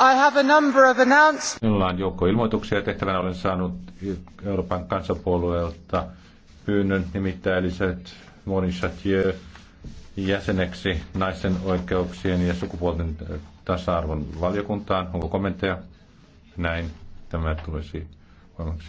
I have a number of announcements. Minulla on joukko ilmoituksia tehtävänä. Olen saanut Euroopan kansanpuolueelta pyynnön nimittäin Elisabeth Morin jäseneksi naisten oikeuksien ja sukupuolten äh, tasa-arvon valiokuntaan. Onko kommentteja? Näin tämä tulisi voimaksi.